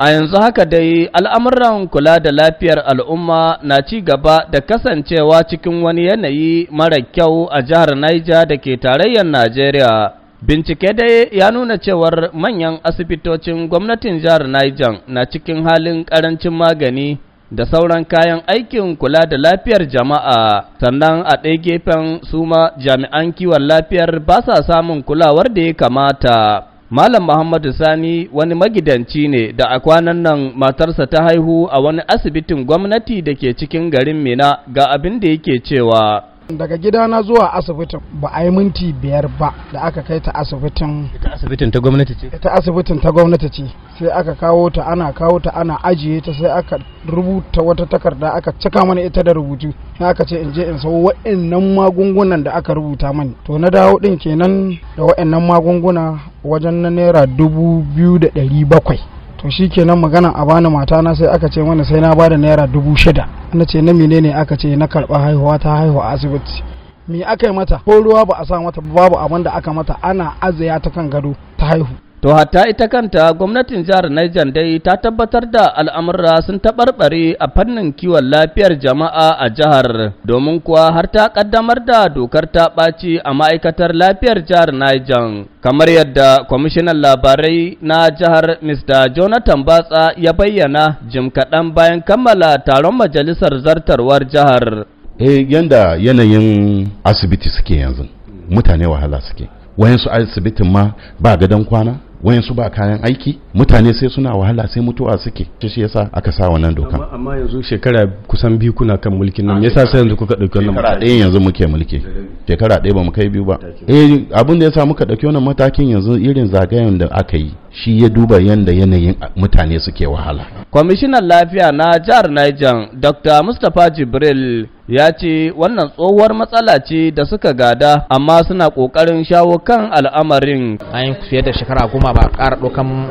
A yanzu haka dai al'amuran kula da lafiyar al'umma na ci gaba da kasancewa cikin wani yanayi mara kyau a jihar Niger da ke tarayyar Najeriya. Bincike dai ya nuna cewar manyan asibitocin gwamnatin jihar Niger na cikin halin ƙarancin magani da sauran kayan aikin kula da lafiyar jama'a, sannan a ɗaya gefen suma jami'an kiwon lafiyar ba sa samun kulawar da ya kamata. Malam Muhammadu Sani wani magidanci ne da a kwanan nan matarsa ta haihu a wani asibitin gwamnati da ke cikin garin Mina ga abin da yake cewa. Daga gidana zuwa asibitin ba a yi minti biyar ba da aka kai ta asibitin. Ita asibitin ta gwamnati ce? Ita asibitin ta gwamnati ce. Sai aka kawo ta ana kawo ta ana ajiye ta sai aka rubuta wata takarda aka cika mana ita da rubutu. Na aka ce in je in sau wa'annan magungunan da aka rubuta mani. To na dawo ɗin kenan da wa'annan magunguna wajen na naira dubu biyu da ɗari bakwai to shi kenan magana a bani matana sai aka ce mana sai na bada naira dubu shida na ce na menene aka ce na karɓa haihuwa ta haihuwa a asibiti me aka yi mata ko ruwa ba a sa mata babu abin da aka mata ana azaya ta kan gado ta haihu To hatta ita kanta gwamnatin jihar Niger dai ta tabbatar da al'amura sun taɓarɓare a fannin kiwon lafiyar jama'a a jihar domin kuwa har ta ƙaddamar da dokar ta ɓaci a ma'aikatar lafiyar jihar Niger. Kamar yadda kwamishinan labarai na jihar Mr. Jonathan Batsa ya bayyana jim kaɗan bayan kammala taron majalisar zartarwar jihar. Eh yanda yanayin asibiti suke yanzu mutane wahala suke. wayansu asibitin ma ba gadon kwana wayansu ba kayan aiki mutane sai suna wahala sai mutuwa suke shi yasa aka sa wannan dokan amma yanzu shekara kusan biyu kuna kan mulkin nan yasa sai yanzu kuka dauki wannan shekara ɗaya yanzu muke mulki shekara ɗaya ba mu kai biyu ba eh abin da yasa muka dauki wannan matakin yanzu irin zagayen da aka yi shi ya duba yadda yanayin mutane suke wahala. Kwamishinan lafiya na jihar Niger, Dr. Mustapha Jibril ya ce wannan tsohuwar matsala ce da suka gada amma suna ƙoƙarin shawo kan al'amarin. An yi fiye da shekara goma ba ƙara ɗaukan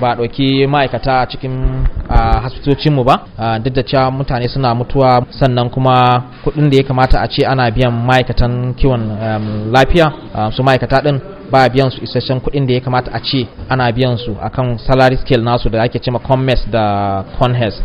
ba ɗauki ma'aikata a cikin asibitocinmu ba duk da cewa mutane suna mutuwa sannan kuma kuɗin da ya kamata a ce ana biyan ma'aikatan kiwon lafiya su ma'aikata din. ba biyan su isasshen kuɗin da ya kamata a ce ana biyan su akan salary scale nasu da ake cewa commerce da conhes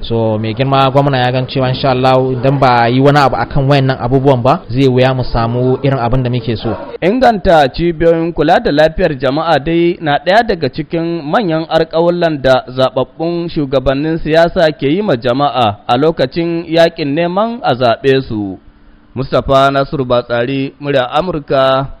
so mai girma gwamna ya gan cewa insha Allah idan ba yi wani abu akan wayannan abubuwan ba zai wuya mu samu irin abin da muke so inganta cibiyoyin kula da lafiyar jama'a dai na ɗaya daga cikin manyan alƙawallan da zababbun shugabannin siyasa ke yi ma jama'a a lokacin yakin neman a zaɓe su Mustapha Nasiru Batsari murya Amurka